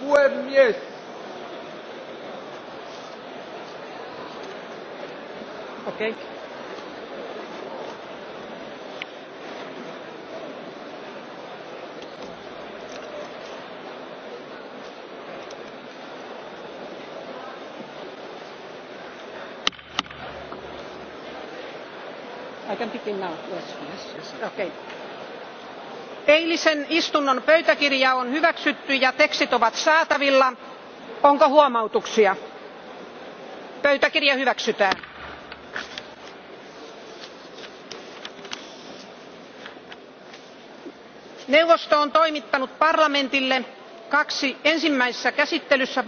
puhemies! Okei. Okay. I can pick him now. Yes, yes, yes. Okay eilisen istunnon pöytäkirja on hyväksytty ja tekstit ovat saatavilla. onko huomautuksia? pöytäkirja hyväksytään. neuvosto on toimittanut parlamentille kaksi ensimmäisessä käsittelyssä